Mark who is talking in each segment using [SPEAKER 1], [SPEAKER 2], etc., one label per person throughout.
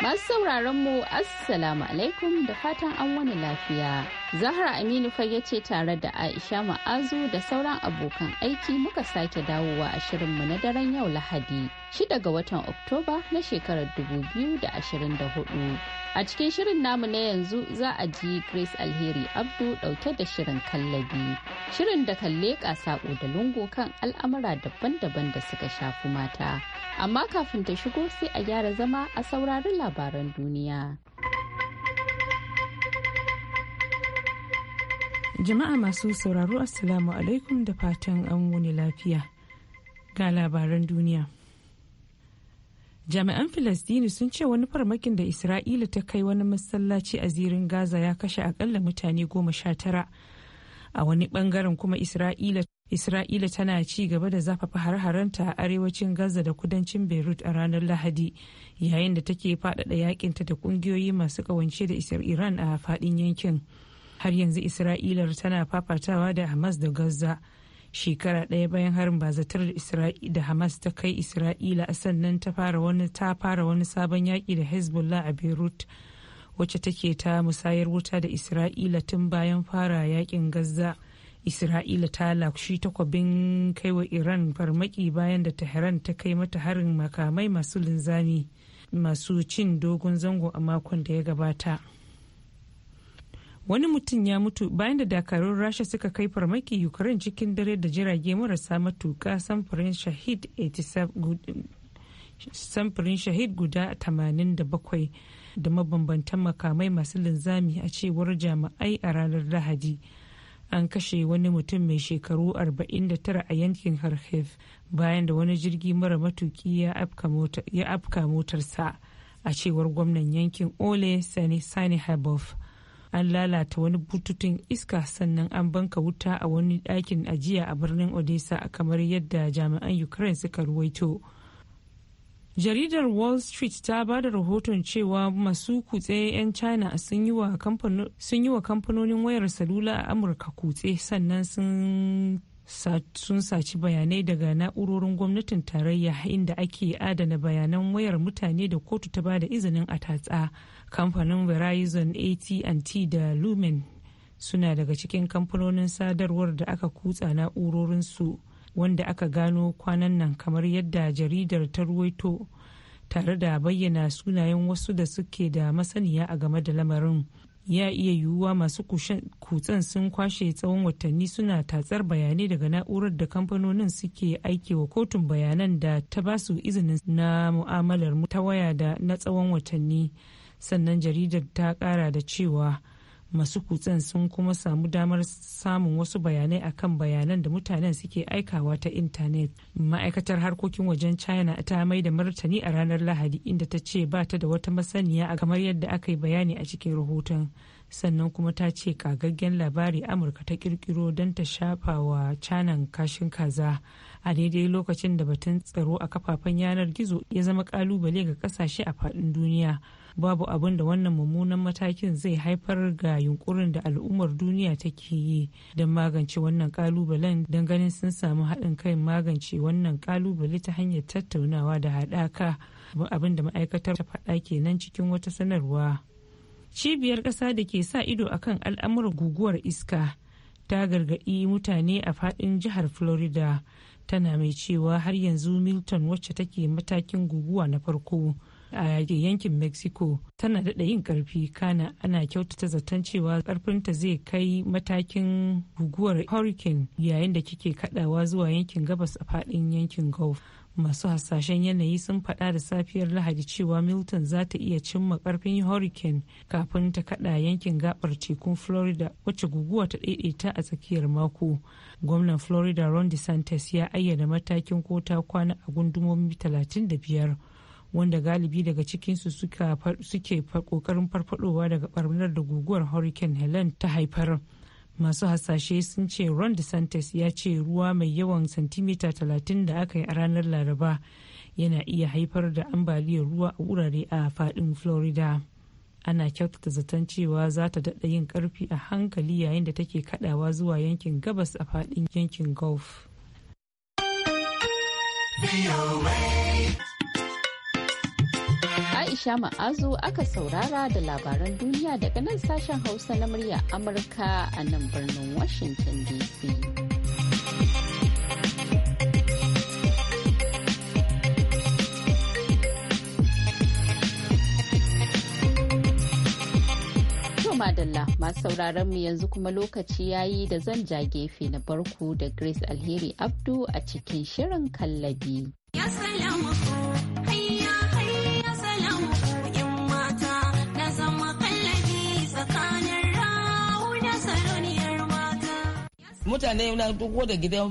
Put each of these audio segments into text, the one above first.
[SPEAKER 1] Masu sauraron mu Assalamu alaikum da fatan an wani lafiya. Zahra Aminu fage ce tare da Aisha Ma'azu da sauran abokan aiki muka sake dawowa a shirinmu na daren yau Lahadi, shida ga watan Oktoba na shekarar 2024. A cikin shirin namu na yanzu za a ji Grace Alheri Abdu dauke da shirin kallabi. Shirin da kalle leƙa da lungu kan al'amura daban-daban da suka shafi mata. Amma kafin ta shigo sai a gyara zama a saurarin
[SPEAKER 2] labaran duniya. Jama'a masu sauraro Assalamu alaikum da fatan an wuni lafiya. Ga labaran duniya. Jami'an Filistini sun ce wani farmakin da Isra'ila ta kai wani masallaci a zirin Gaza ya kashe akalla mutane goma sha tara. A wani bangaren kuma Isra'ila Isra'ila tana ci gaba da zafafa har-haranta a arewacin Gaza da kudancin Beirut a ranar Lahadi yayin da take faɗaɗa yakinta da ƙungiyoyi masu ƙawance da Iran a faɗin yankin. har yanzu isra'ilar tana fafatawa da hamas da gaza shekara ɗaya bayan harin bazatar da hamas ta kai isra'ila sannan ta fara wani ta fara wani sabon yaƙi da hezbollah a beirut wacce take ta musayar wuta da isra'ila tun bayan fara yaƙin gaza isra'ila ta lakshi takwabin kai wa iran farmaki bayan da tehran ta kai mata harin makamai masu linzami masu cin dogon zango a makon da ya gabata. wani mutum ya mutu bayan da dakarun rasha suka kai farmaki ukraine cikin dare da jirage marasa matuka samfurin shahid 87 guda 87 da mabambantan makamai masu linzami a cewar jami'ai a ranar lahadi an kashe wani mutum mai shekaru 49 a yankin kharkiv bayan da wani jirgi mara matuki ya afka motarsa a cewar gwamnan yankin ole sani sani an lalata wani bututun iska sannan an banka wuta a wani ɗakin ajiya a birnin odessa kamar yadda jami'an ukraine suka ruwaito jaridar wall street ta ba da rahoton cewa masu kutse 'yan china sun yi wa kamfanonin wayar salula a amurka kutse sannan sun sun saci bayanai daga na'urorin gwamnatin tarayya inda ake adana bayanan wayar mutane da kotu ta bada izinin a tatsa kamfanin verizon at&t da lumen suna daga cikin kamfanonin sadarwar da aka kutsa na'urorinsu wanda aka gano kwanan nan kamar yadda jaridar ta ruwaito tare da bayyana sunayen wasu da suke da masaniya a game da lamarin ya iya yiwuwa masu kutsen sun kwashe tsawon watanni suna tatsar bayanai daga na'urar da kamfanonin suke aiki wa kotun bayanan da ta ba su izinin na mu'amalar ta waya da na tsawon watanni sannan jaridar ta kara da cewa masu kutsen sun kuma samu damar samun wasu bayanai akan bayanan da mutanen suke aikawa ta intanet ma'aikatar harkokin wajen china ta mai da martani a ranar lahadi inda ta ce ba ta da wata masaniya a kamar yadda aka yi bayani a cikin rahoton sannan kuma ta ce kagaggen labari amurka ta kirkiro don ta shafa wa canan kashin kaza a daidai lokacin da batun tsaro a kafafen yanar gizo ya zama kalubale ga kasashe a faɗin duniya babu abin da wannan mummunan matakin zai haifar ga yunkurin da al'ummar duniya take yi don magance wannan kalubalen don ganin sun samu haɗin kai magance wannan kalubale ta hanyar tattaunawa da haɗaka abin da ma'aikatar ta faɗa kenan cikin wata sanarwa cibiyar ƙasa da ke sa ido akan al'amuran guguwar iska ta gargaɗi mutane a faɗin jihar florida tana mai cewa har yanzu milton wacce take matakin guguwa na farko a yankin mexico tana daɗa yin ƙarfi kana ana kyautata zaton cewa ƙarfinta zai kai matakin guguwar hurricane yayin da kike kaɗawa zuwa yankin gabas a faɗin yankin gulf masu hasashen yanayi sun faɗa da safiyar lahadi cewa milton za ta iya cimma ƙarfin hurricane kafin ta kada yankin gabar tekun florida wacce guguwa ta ɗaiɗaita a tsakiyar mako gwamnan florida ron desantis ya ayyana matakin kota kwana a gundumomi 35 wanda galibi daga cikinsu suke kokarin farfadowa daga barnar da guguwar hurricane helen ta haifar masu hasashe sun ce ron desantis ya ce ruwa mai yawan santimita 30 da aka yi a ranar laraba yana iya haifar da ambaliyar ruwa a wurare a fadin florida ana kyautata zaton cewa za ta daɗa yin ƙarfi a hankali yayin da take kaɗawa zuwa yankin gabas a fadin yankin gulf.
[SPEAKER 1] Aisha Ma'azu aka saurara da labaran duniya daga nan sashen Hausa na murya Amurka a nan birnin Washington DC. madalla masu sauraron mu yanzu kuma lokaci yayi da zan ja gefe na barku da Grace Alheri Abdu a cikin shirin kallabi.
[SPEAKER 3] Yes,
[SPEAKER 4] mutane na dogo da gidan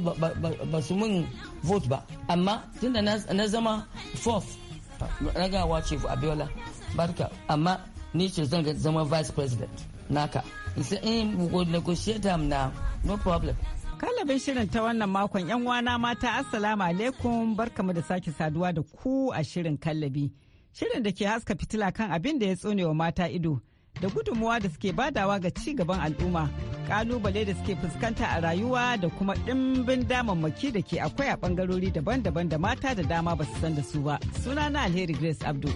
[SPEAKER 4] ba su mun vote ba amma tunda na zama fourth ragawa ce abiola barka amma ni ce zan zama vice president naka sai in negotiator na no problem kalabin shirin ta wannan makon yan wana mata assalamu
[SPEAKER 5] alaikum barkamu da sake saduwa da ku a shirin kallabi shirin da ke haska fitila kan abin da ya tsone wa mata ido da gudunmuwa da suke badawa ga ci gaban al'umma kalubale da suke fuskanta a rayuwa da kuma ɗimbin damammaki da ke akwai a bangarori daban-daban da mata da dama ba su san da su ba sunana alheri grace abdul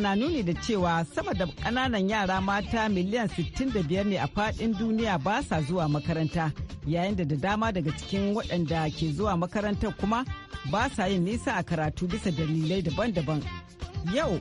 [SPEAKER 5] na nuni da cewa sama da ƙananan yara mata miliyan 65 ne a faɗin duniya ba sa zuwa makaranta yayin da da dama daga cikin waɗanda ke zuwa makarantar kuma ba sa yin nisa a karatu bisa dalilai daban-daban. Yau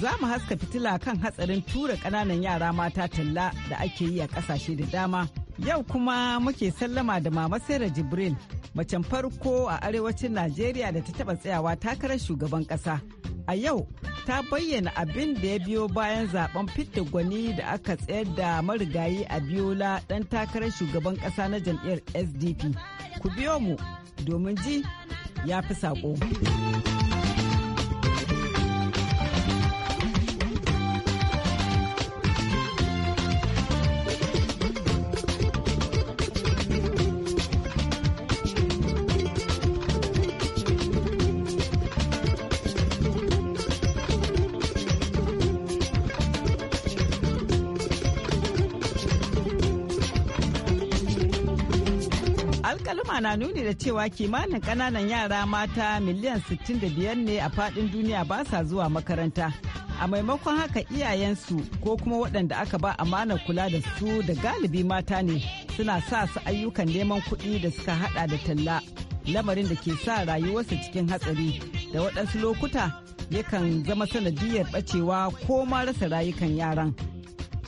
[SPEAKER 5] za mu haska fitila kan hatsarin tura ƙananan yara mata talla da ake yi a ƙasashe da dama. Yau kuma muke sallama da Mama Sarah Jibril, macen farko a arewacin Najeriya da ta taɓa tsayawa takarar shugaban ƙasa. A yau ta bayyana abin da ya biyo bayan zaben fidda gwani da aka tsayar da marigayi a biola dan takarar shugaban kasa na jam'iyyar sdp ku biyo mu domin ji ya fi saƙo. nuni da cewa kimanin kananan yara mata miliyan 65 ne a faɗin duniya ba sa zuwa makaranta. A maimakon haka iyayensu ko kuma waɗanda aka ba amanar kula da su da galibi mata ne suna sa su ayyukan neman kuɗi da suka haɗa da talla. Lamarin da ke sa rayuwarsa cikin hatsari da waɗansu lokuta yakan zama sanadiyar ɓacewa ko ma rasa rayukan yaran.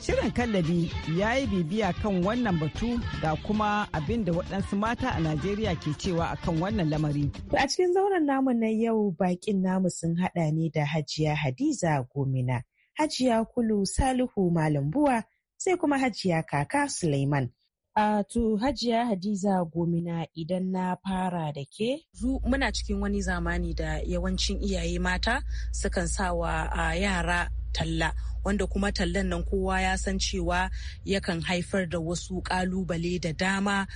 [SPEAKER 5] Shirin kallabi ya yi bibiya kan wannan batu da kuma abin da waɗansu mata a Najeriya ke cewa akan wannan lamari.
[SPEAKER 3] A cikin zauren namu na yau baƙin namu sun haɗa ne da Hajiya Hadiza Gomina, Hajiya Kulu Salihu Malambuwa, sai kuma Hajiya Kaka Suleiman. Uh, to Hajiya Hadiza Gomina idan na fara da ke. Muna cikin wani zamani da yawancin iyaye mata sukan sawa a yara talla wanda kuma tallan nan kowa ya san cewa yakan haifar da wasu kalubale da dama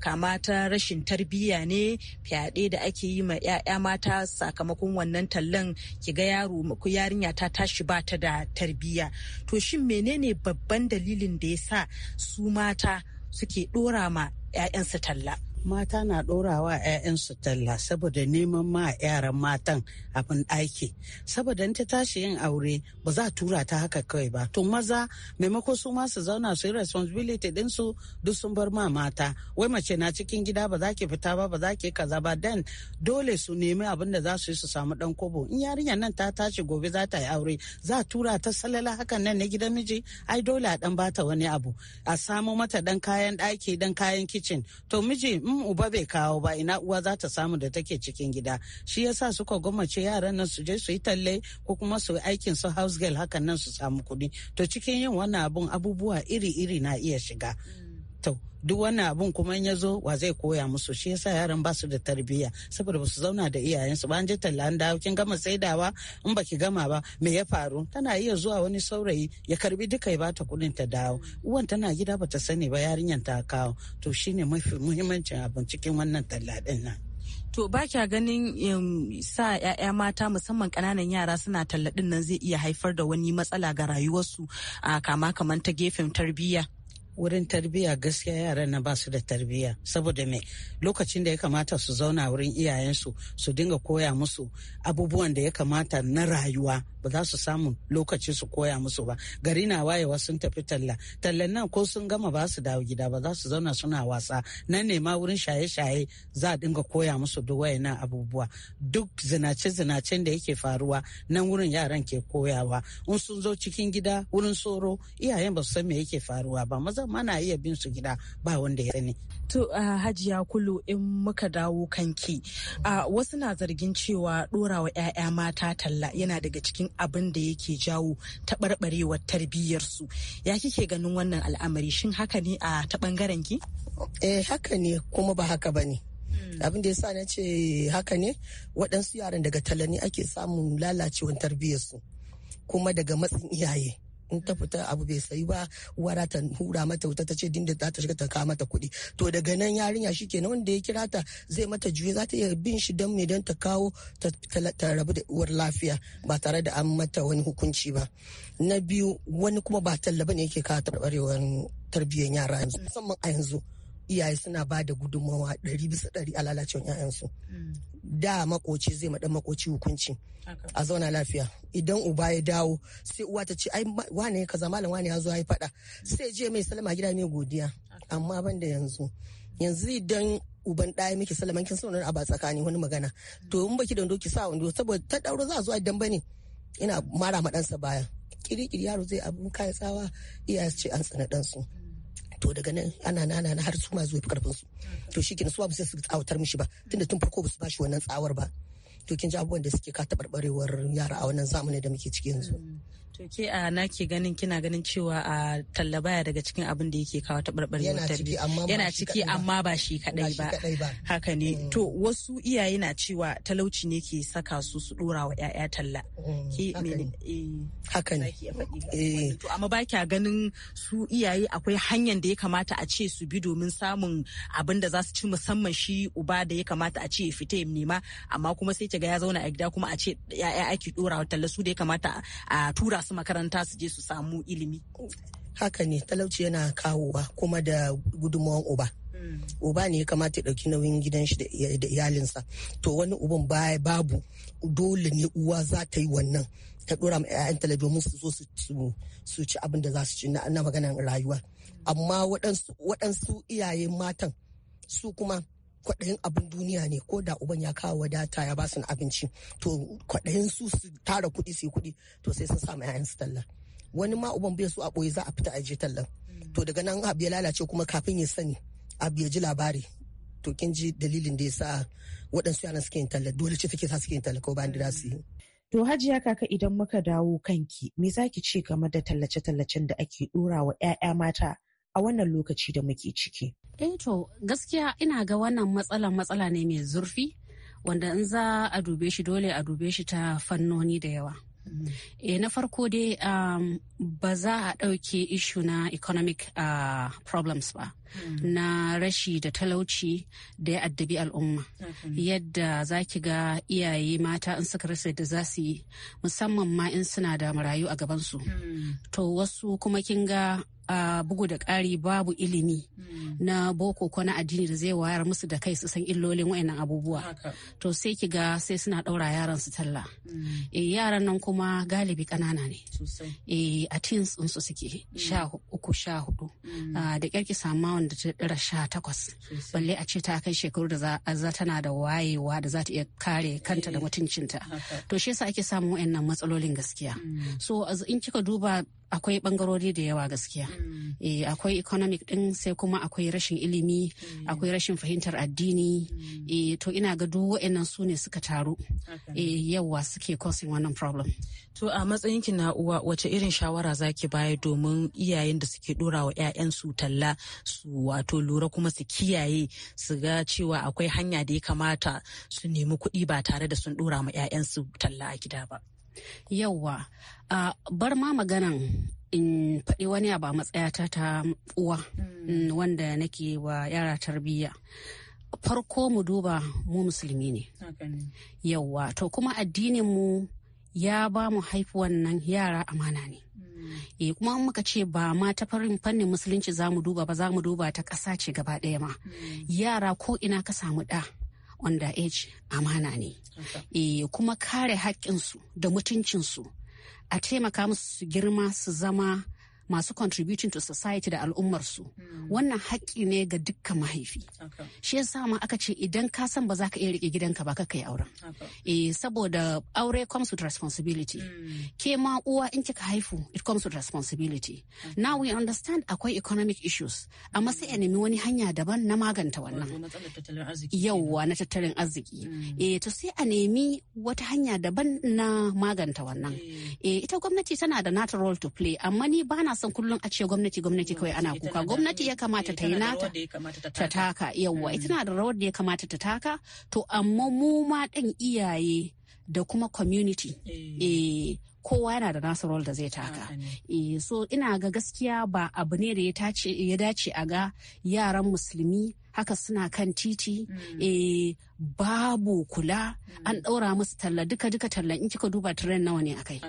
[SPEAKER 3] kama ta rashin tarbiyya ne fyaɗe da ake yi ma 'ya'ya mata sakamakon wannan tallan ki ga yaro ko yarinya ta tashi ba ta da tarbiyya to shin menene babban dalilin da ya sa su mata suke ɗora ma 'ya'yansu talla mata
[SPEAKER 6] na ɗorawa 'ya'yansu talla saboda neman ma yaran matan abin aiki saboda ta tashi yin aure ba za tura ta haka kawai ba to maza maimako su ma su zauna su yi responsibility ɗinsu duk sun bar ma mata wai mace na cikin gida ba za ki fita ba ba za ki kaza ba dan dole su nemi abin da za su yi su samu ɗan kobo in yarinyar nan ta tashi gobe za ta yi aure za tura ta salala hakan nan na gidan miji ai dole a ɗan bata wani abu a samo mata dan kayan ɗaki dan kayan kicin to miji in uba bai kawo ba ina uwa za ta samu da take cikin gida shi yasa suka gwammace yaran nan su je su yi talle ko kuma su aikin su house girl hakan nan su samu kuɗi to cikin yin wannan abun abubuwa iri-iri na iya shiga mm. to duk wannan abun kuma in ya zo wa zai koya musu shi yasa yaran ba su da tarbiyya saboda ba su zauna da iyayensu ba an je talla an dawo kin gama saidawa in baki gama ba me ya faru tana iya zuwa wani saurayi ya karbi duka ya bata kuɗin ta dawo uwan tana gida bata sani ba yarinyan ta kawo to shine mafi muhimmancin abin cikin wannan talla din nan
[SPEAKER 3] to ba kya ganin sa 'ya'ya mata musamman kananan yara suna talla din nan zai iya haifar da wani matsala ga rayuwarsu a kama kaman ta gefen tarbiyya wurin tarbiyya gaskiya yaran na basu da tarbiyya saboda me lokacin
[SPEAKER 6] da ya kamata su zauna wurin iyayensu su dinga koya musu abubuwan da ya kamata na rayuwa ba za su samu lokaci su koya musu ba gari na wayewa sun tafi talla tallan nan ko sun gama ba su dawo gida ba za su zauna suna wasa nan nema wurin shaye-shaye za a dinga koya musu duk wayannan abubuwa duk zinace-zinacen da yake faruwa nan wurin yaran ke koyawa in sun zo cikin gida wurin tsoro iyayen ba su san me yake
[SPEAKER 3] faruwa ba maza ma iya bin su gida ba wanda ya sani To uh, Hajiya Kulu in muka dawo kanki uh, wasu na zargin cewa ɗorawa 'ya'ya mata talla yana daga cikin abin da yake jawo taɓarɓarewar tarbiyyarsu. Ya kike ganin
[SPEAKER 7] wannan al'amari shin haka ne a ta ɓangaren ki? Eh haka ne kuma ba haka ba hmm. abin da yasa na ce haka ne waɗansu yaran daga talani ake samun lalacewar tarbiyyarsu kuma daga matsin iyaye in ta fita abu bai sayi ba uwa ta hura mata wuta ta ce dinda za ta shiga ta kawo mata kuɗi to daga nan yarinya shi kenan wanda ya kira ta zai mata juye za ta iya bin shi dan me dan ta kawo ta rabu da uwar lafiya ba tare da an mata wani hukunci ba na biyu wani kuma ba talla ne yake kawo tabarewar tarbiyyar yara musamman a yanzu iyaye suna ba da gudunmawa ɗari bisa ɗari a lalacewar 'ya'yansu mm. da makoci zai maɗan makoci hukunci a zauna lafiya idan uba ya dawo sai uwa ta ce ai wane kaza malam wane ya zo ya faɗa sai je mai salama gida mai godiya amma ban da yanzu yanzu idan uban ɗaya miki salaman kin sanar a ba tsakani wani magana mm. to in baki da wando ki sa wando saboda ta ɗauro za a zo a dan bane ina mara ma ɗansa baya kiri kiri yaro zai abun kaya tsawa iyaye ce an tsana ɗansu. Mm. to daga nan ana nana na har su ma zuwa karfin su to shi kenan su ba su tsawatar mishi ba tunda tun farko ba su bashi wannan tsawar ba to kin ji abubuwan da suke ka taɓarɓarewar yara a wannan zamanin da muke ciki yanzu mm.
[SPEAKER 3] To ke a na ke ganin kina ganin cewa a talla baya daga cikin abin da yake kawo taɓarɓarewar tarbiyya. Yana ciki amma ba shi kaɗai ba. Haka ne. Mm. To wasu iyaye na cewa talauci ne ke saka su su ɗora wa 'ya'ya talla.
[SPEAKER 7] Mm. Eh. Haka ne. Eh.
[SPEAKER 3] To amma ba kya ganin su iyaye akwai hanyar da ya kamata a ce su bi domin samun abin da za su ci musamman shi uba da ya kamata a ce ya fita ya nema amma kuma sai ga ya zauna a gida kuma a ce 'ya'ya ake ɗora wa talla su da ya kamata a tura masu makaranta su je su samu ilimi
[SPEAKER 7] haka ne talauci yana kawowa kuma da gudunmawan uba hmm. uba ne ya kamata ya ɗauki nauyin gidan shi da iyalinsa to wani uban baya babu dole ne uwa za ta yi wannan ta ɗora ma 'ya'yan domin su zo su ci abin da za su ci na maganar rayuwa amma waɗansu iyayen matan su kuma kwaɗayin abin duniya ne ko da uban ya kawo wadata ya ba su na abinci to kwaɗayin su su tara kuɗi su yi kuɗi to sai sun samu 'ya'yan su talla wani ma uban bai so a ɓoye za a fita a je tallan to daga nan abu ya lalace kuma kafin ya sani abu ya ji labari to kin ji dalilin da ya sa waɗansu yaran suke yin talla dole ce take sa suke yin talla ko bayan da su yi. To hajiya kaka idan muka
[SPEAKER 3] dawo kanki me zaki ki ce game da tallace-tallacen
[SPEAKER 7] da ake ɗora wa 'ya'ya
[SPEAKER 3] mata a wannan lokaci da muke ciki.
[SPEAKER 8] Eh to gaskiya ina ga wannan matsala matsala ne mai zurfi wanda in za a dube shi dole a dube shi ta fannoni da yawa. Mm. eh E, na farko dai um, ba za a ɗauke ishu na economic uh, problems ba. Hmm. na rashi da talauci da ya addabi al'umma hmm. yadda za ki ga iyaye mata in suka rasa da za su yi musamman ma in suna da marayu a gabansu hmm. to wasu kuma kin ga a bugu da ƙari babu ilimi na boko ko na addini da zai wayar musu da kai su san illolin wayannan abubuwa to sai ki ga sai suna ɗaura yaran su talla e, yaran nan kuma galibi ƙanana ne e, a teens su suke sha uku sha hudu ah, da ƙyar ki sama ma da ta ɗara sha takwas balle a ce ta kai shekaru da za tana da wayewa da za ta iya kare kanta da eh, mutuncinta to shi yasa ake samun wayannan matsalolin gaskiya mm. so in kika duba akwai bangarori da yawa gaskiya mm. eh, akwai economic din sai kuma akwai rashin ilimi mm. akwai rashin fahimtar addini mm. eh, to ina ga duk wa'annan su ne suka taru eh, yawa suke causing wannan problem to a matsayinki na
[SPEAKER 3] uwa wace irin shawara zaki baya domin
[SPEAKER 8] iyayen da suke dora
[SPEAKER 3] wa 'ya'yansu talla su wato lura kuma su kiyaye su ga cewa akwai
[SPEAKER 8] hanya da ya kamata su nemi kuɗi ba tare da sun dora ma 'ya'yansu talla a gida ba yauwa uh, bar ma maganan in faɗi wani a ba matsayata ta uwa mm. mm. wanda nake wa yara tarbiyya. Farko mu duba mu musulmi ne. yauwa to kuma addinin mu ya ba mu haifi wannan yara amana ne. e kuma muka ce ba ma ta farin fannin musulunci za mu duba ba za mu duba ta ƙasa ce gaba ɗaya ma mm. yara ko ina ka samu ɗa underage amana ne e, kuma kare haƙƙinsu da mutuncinsu a taimaka musu su girma su zama masu contributing to society da al'ummarsu hmm. wannan haƙƙi ne ga dukkan mahaifi shi yasa ma aka ce idan ka san ba za ka iya rike gidanka ba ka kai auren eh saboda aure comes with responsibility hmm. ke ma uwa in kika haifu it comes with responsibility now we understand akwai economic issues amma sai a hmm. nemi wani hanya daban na maganta wannan yauwa na tattalin arziki eh to sai a nemi wata hanya daban na maganta wannan eh, eh ita gwamnati tana da natural role to play amma ni bana kullum a ce gwamnati gwamnati kawai ana kuka gwamnati ya kamata ta yi nata ta taka yawwa mm. ita na da rawar da ya kamata ta taka to amma mu ma ɗan iyaye da kuma community eh, eh kowa yana da nasu rol da zai taka eh so ina ga gaskiya ba abu ne da ya dace a ga yaran musulmi haka suna kan titi mm. eh babu kula hmm. an ɗaura musu talla duka duka talla in kika duba tren nawa ne akai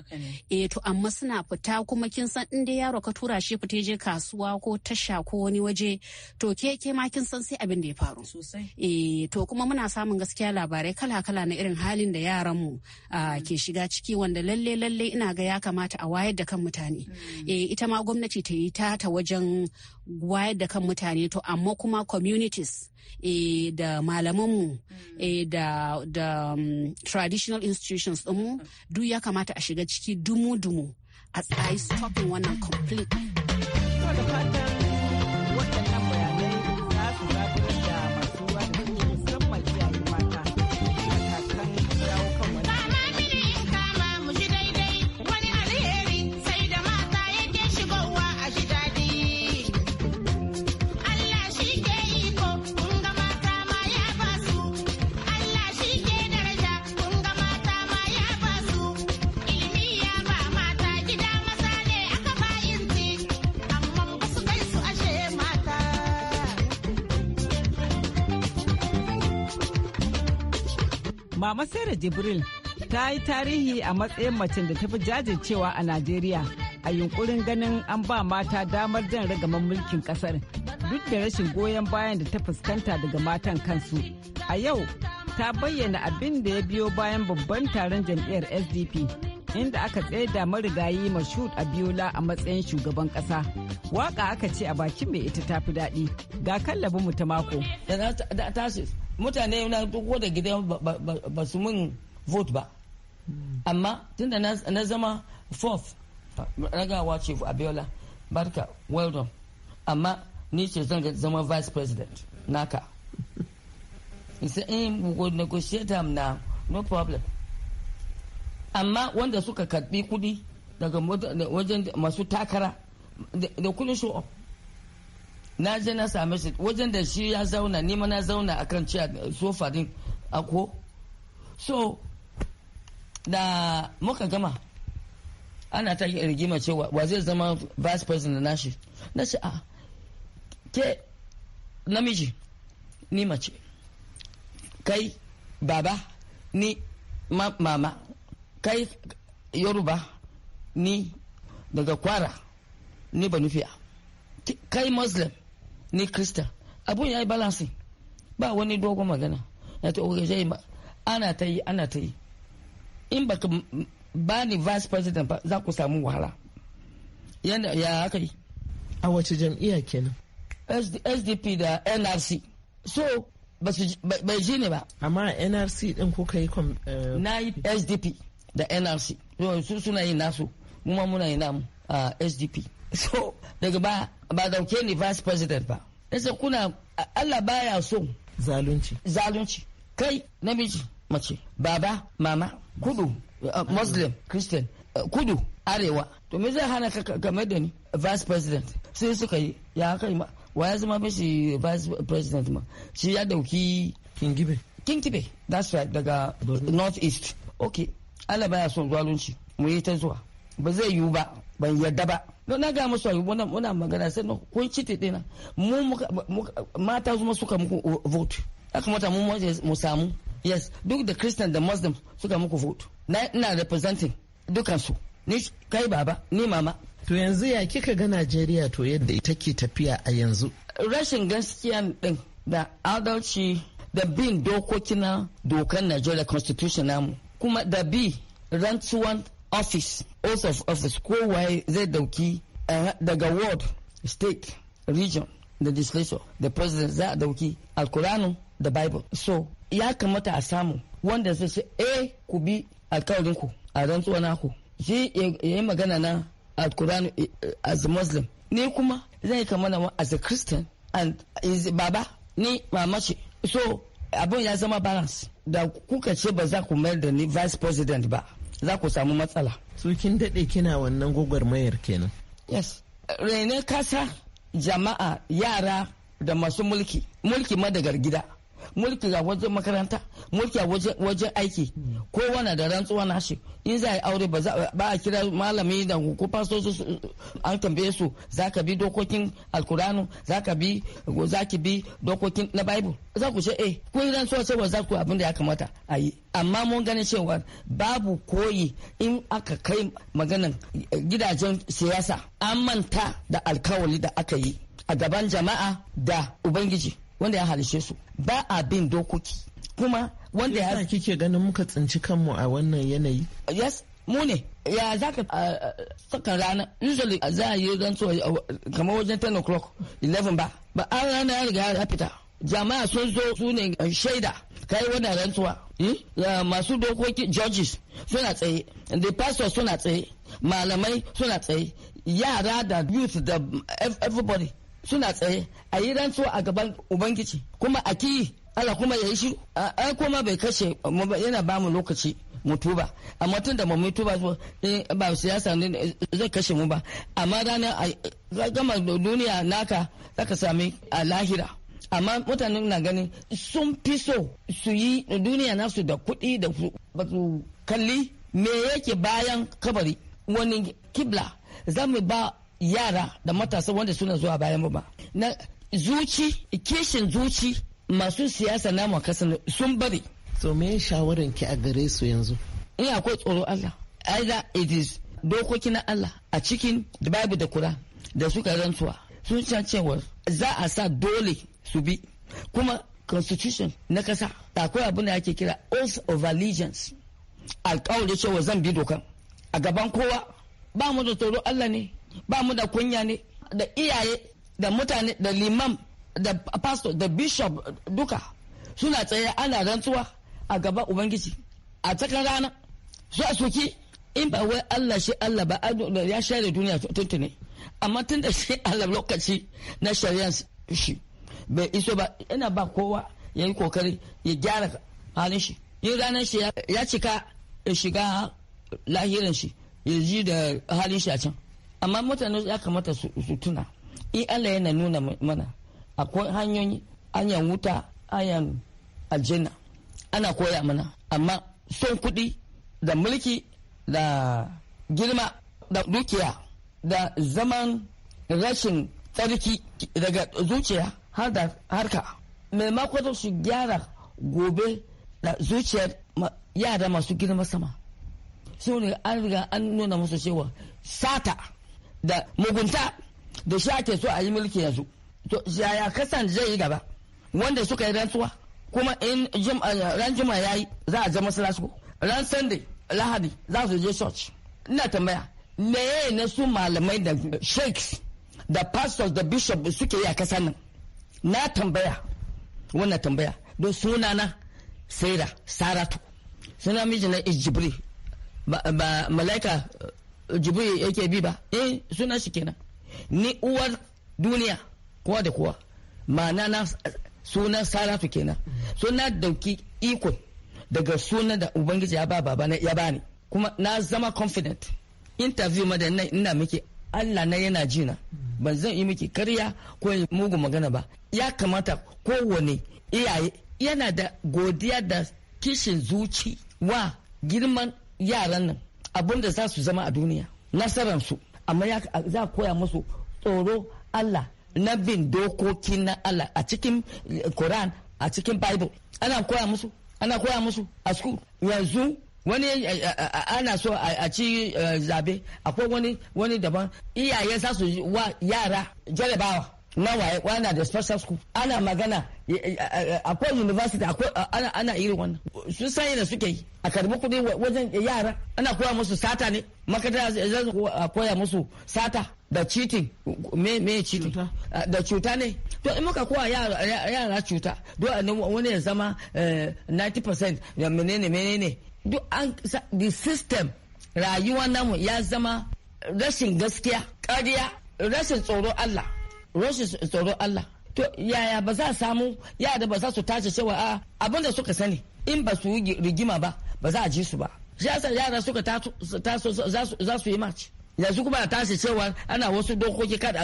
[SPEAKER 8] eh to amma suna fita kuma kin san inda yaro ka tura shi fita je kasuwa ko tasha ko wani waje to ke ke ma kin san sai abin da ya faru eh to kuma muna samun gaskiya labarai kala kala na irin halin da yaran mu hmm. ke shiga ciki wanda lalle lalle ina ga ya kamata a wayar da kan mutane hmm. eh ita ma gwamnati ta yi ta ta wajen wayar da kan mutane to amma kuma communities e, da malamanmu mm. e, da, da um, traditional institutions ɗinmu mm. duk ya kamata a shiga ciki dumu-dumu a tsayi stopping wannan complete.
[SPEAKER 5] Mama Sarah Jibril ta yi tarihi a matsayin macen da ta fi jajircewa a Najeriya a yunkurin ganin an ba mata damar jan ragaman mulkin kasar duk da rashin goyon bayan da ta fuskanta daga matan kansu. A yau ta bayyana abin da ya biyo bayan babban taron jam'iyyar SDP inda aka tsaye da marigayi Mashud biyola a matsayin shugaban kasa. Waka aka
[SPEAKER 4] ce a bakin mai ita tafi daɗi ga kallabinmu ta mako. mutane na duk da gida ba su mun vote ba amma tunda na zama fourth ragawa chief abiola barka well done amma ni ce zan zama vice president naka isa in eh, go negotiate na no problem amma wanda suka karbi kudi daga wajen masu takara da kudin show up na je na same shi wajen da shi ya zauna ni ma na zauna akan ci eh, sofa din ako so da muka gama ana ta rigima cewa wa zai zama vice president na shi na shi a ah, ke namiji ni mace kai baba ni mama kai yoruba ni daga kwara ni banufiya kai muslim ni krista abun ya yi balansi ba wani dogon magana na ta zai ana ta yi ana ta yi in baka ba ni vice president ba za ku samu wahala yadda ya haka yi a wace jam'iyya kenan sdp da nrc so bai ji ne ba amma nrc din kuka yi eh, na yi sdp da nrc suna yi nasu mu muna yi namu a sdp so daga ba ba dauke ni vice president ba yasa kuna Allah baya so zalunci zalunci kai namiji mace baba mama kudu uh, muslim christian uh, kudu arewa to me zai hana ka game da ni vice president sai suka yi ya kai ma wa ya zama mishi vice president ma shi ya dauki kingibe kingibe that's right daga north east okay Allah baya son zalunci mu yi ta zuwa ba zai yiwu ba ban yarda ba don na ga musu muna magana sai kun citi na mu mata zuma suka muku vote ya kamata mu mu samu yes duk da christian da muslim suka muku vote na ina representing su ni kai baba ni mama to yanzu ya kika ga najeriya to yadda ita ke tafiya a yanzu rashin gaskiya din da adalci da bin dokokin dokan najeriya constitution namu kuma da bi rantsuwan office of office kowaye zai dauki eh, daga ward state region the legislature da president za a dauki quran da bible so ya kamata a samu wanda zai ce a eh, ku bi ku a rantsuwa ku shi yayi magana na quran eh, as a muslim ni kuma zai kama na as a christian and is baba ni mama ce so abun ya zama balance da kuka ce ba za ku mayar da ni vice president ba za ku samu matsala. su kin daɗe kina wannan gwagwarmayar kenan. yes rene kasa jama'a yara da masu mulki mulki madagar gida mulki a wajen makaranta mulki a wajen aiki kowa da rantsuwa na shi in za a yi aure ba a kira malami da ko fasosu an tambaye su za ka bi dokokin alkuranu za ka bi za ki bi dokokin na bible za ku ce eh kun rantsuwa cewa za ku abin da ya kamata a yi amma mun gani cewa babu koyi in aka kai maganan gidajen siyasa an manta da alkawali da aka yi a gaban jama'a da ubangiji wanda ya halishe su ba a bin dokoki kuma wanda ya kike ganin muka tsinci kanmu a wannan yanayi yes mu ne ya za ka saka rana usually za a yi rantsuwa kamar wajen 10 o'clock 11 ba ba an rana ya riga ya fita jama'a sun zo su ne eh, shaida kai wannan rantsuwa hmm? masu dokoki judges suna tsaye the pastor suna tsaye malamai suna tsaye yara da youth da everybody suna tsaye a yi rantsuwa a gaban ubangiji kuma a kiyi Allah kuma ya yi shi an kuma bai kashe yana ba mu lokaci mu tuba amma tun da mu tuba eh, ba siyasa ne eh, zai kashe mu ba amma ranar gama duniya naka zaka sami a lahira amma mutanen na gani sun fi so su yi duniya nasu da kuɗi da ba su kalli me yake bayan kabari wani kibla za mu ba yara da matasa wanda suna zuwa bayan ba na zuci kishin zuci masu siyasa na makasar sun bari so me shawaran ki a gare su yanzu in akwai tsoro Allah either it is dokoki na Allah a cikin da babu da kura da suka rantsuwa sun san cewa za a sa dole su bi kuma constitution na kasa akwai abin da ake kira oath of allegiance alkawari cewa zan bi dokan a gaban kowa ba mu da tsoro Allah ne ba mu da kunya ne da iyaye da mutane da limam da pastor da bishop duka suna tsaye ana rantsuwa a gaba ubangiji a cikin rana su a soki in ba wai allah shi allah ba ya share duniya tuntune amma tun da shi allah lokaci na shari'a shi bai iso ba yana ba kowa ya yi kokari ya gyara halin shi yin ranar shi ya cika shiga lahirin shi ya ji da halin shi a can amma mutane ya kamata su tuna in allah yana nuna mana akwai hanyoyi anyan wuta anyan aljanna ana koya mana amma son kuɗi da mulki da girma da dukiya da zaman rashin tsarki daga zuciya har da harka mai makwato su gyara gobe da zuciyar yara masu girma sama sau ne an riga an nuna musu cewa sata da mugunta da shi ake so a yi mulki yanzu to yaya kasan zai yi gaba wanda suka yi rantsuwa kuma in eh, ran juma ya yi za a zama ran sunday lahadi za su je church ina tambaya meye na su malamai da sheikhs da pastors da bishop suke yi a kasan nan na tambaya wannan tambaya don suna na saira saratu suna miji na ijibri ba malaika jibril yake bi ba eh suna shi kenan ni uwar duniya kowa da kowa ma'ana na suna saratu kenan suna dauki iko daga suna da ubangiji ya ba baba ya bani kuma na zama confident interview ma da ina miki Allah na yana jina ban zan yi miki karya ko mugu magana ba ya kamata kowane iyaye yana da godiya da kishin zuci wa girman yaran nan abin da za su zama a duniya nasararsu amma za a koya musu tsoro Allah na bin dokoki na Allah a cikin eh, Quran a cikin Bible ana koya musu ana koya musu a school yanzu wani eh, eh, ana so a ci zabe akwai wani wani daban iyaye za su wa yara jarabawa na waye wana da special school ana magana eh, eh, eh, akwai university akwai ana irin wannan sun sanya da suke yi a karbi kuɗi wajen yara ana koya musu sata ne makaranta za koya musu sata da cheating me me cheating da cuta ne to in muka koya yara yara cuta dole wani ya zama 90% ya menene menene do an the system rayuwa namu ya zama rashin gaskiya kariya rashin tsoro Allah rashin tsoro Allah to yaya ba za samu da ba za su tashi cewa a ah, abin da suka sani in ba su rigima ba ba za a ji su ba shi yasa yara suka taso za su yi mace yanzu kuma a tashi cewa ana wasu dokoki kada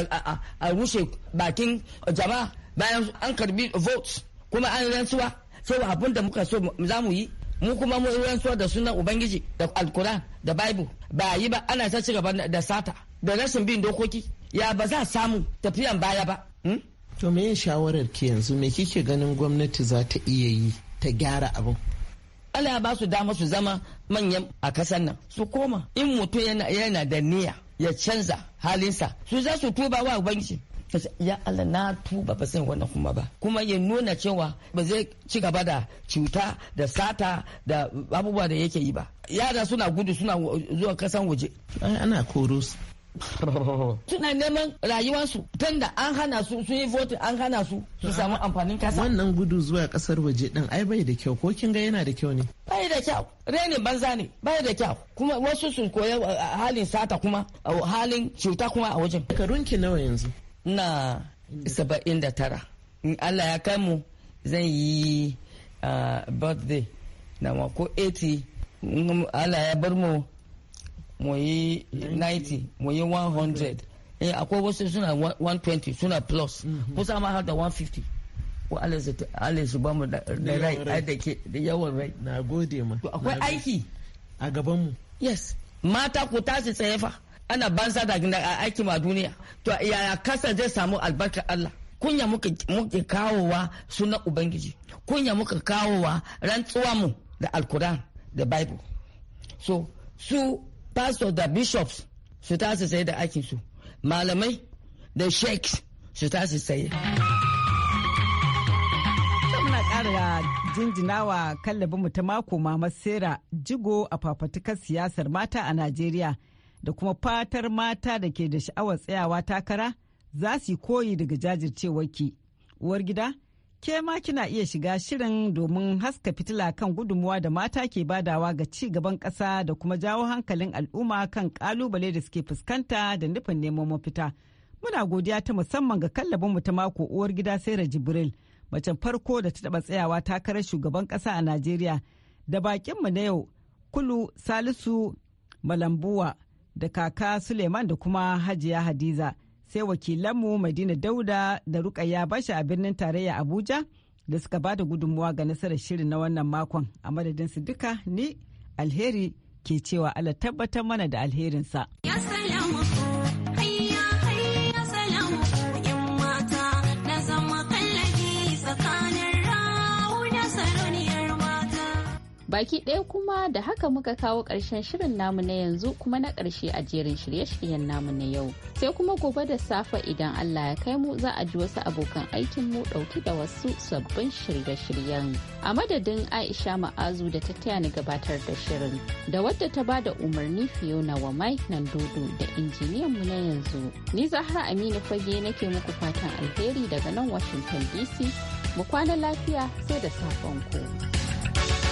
[SPEAKER 4] a rushe bakin jama'a bayan an karbi vote kuma an rantsuwa cewa abin da muka so za mu yi mu kuma mu rantsuwa da sunan ubangiji da alkuran da bible ba yi ba ana ta ci gaba da sata da rashin bin dokoki ya ba za samu tafiyan baya ba hmm? to me shawarar ki yanzu me kike ganin gwamnati za ta iya yi ta gyara abin Allah ya ba su dama su zama manyan a kasar nan su koma in mutum yana yana da niyya ya canza halinsa su za su tuba wa ubangiji ya Allah na tuba ba san wannan kuma ba kuma ya nuna cewa ba zai ci gaba da cuta da sata da abubuwa da yake yi ba yara suna gudu suna zuwa kasan waje ana koro suna neman rayuwarsu tun da an hana su sun yi votin an hana su su samu amfanin kasa wannan gudu zuwa kasar waje din ai bai da kyau ko kin ga yana da kyau ne bai da kyau rene banza ne bai da kyau kuma wasu su koya uh, halin sata kuma uh, halin cuta kuma a wajen ki nawa yanzu na saba'in da tara in allah ya kai mu zan yi uh, birthday na ko 80 allah ya bar mu mu yi 90 mu yi 100 eh akwai wasu suna 120 suna plus mhm. kusa ma har da 150 ko Allah su ba mu da rai da ke da yawan rai na gode ma akwai aiki a gaban mu yes mata ku tashi tsaye fa ana banza da aiki ma duniya to yaya kasa zai samu albarkar Allah kunya muke kawowa sunan ubangiji kunya muka kawowa rantsuwa mu da Alquran da bible so su Pastors da bishops su tasu sai da ake su malamai da sheikhs su tasu sai muna ƙara jinjinawa
[SPEAKER 5] kallabinmu ta mako mama sera jigo a fafatukar siyasar mata a najeriya da kuma fatar mata da ke da sha'awar tsayawa takara za su yi koyi daga jajircewarki uwar gida ke ma kina iya shiga shirin domin haska fitila kan gudunmuwa da mata ke badawa ga ci gaban ƙasa da kuma jawo hankalin al'umma kan ƙalubale da suke fuskanta da nufin neman mafita. Muna godiya ta musamman ga kallabinmu ta mako uwar gida da Jibril, macen farko da ta taba tsayawa takarar shugaban ƙasa a Najeriya, da bakinmu na yau Kulu Salisu Malambuwa da kaka Suleiman da kuma Hajiya Hadiza. sai wakilanmu madina dauda da rukayya bashi a birnin tarayya abuja da suka ba da gudunmuwa ga nasarar shirin na wannan makon a madadinsu duka ni alheri ke cewa ala tabbatar mana da alherinsa.
[SPEAKER 3] Yes,
[SPEAKER 1] Baki ɗaya kuma da haka muka kawo ƙarshen shirin namu na yanzu kuma na ƙarshe a jerin shirye-shiryen namu na yau. Sai kuma gobe da safe idan Allah ya kai mu za a ji wasu abokan aikin mu ɗauki da wasu sabbin shirye-shiryen. A madadin Aisha Ma'azu da ta taya ni gabatar da shirin da wadda ta ba da umarni Fiona wa Mike nan dodo da injiniyan mu na yanzu. Ni Zahra Aminu Fage nake muku fatan alheri daga nan Washington DC. Mu kwana lafiya sai da safon ku.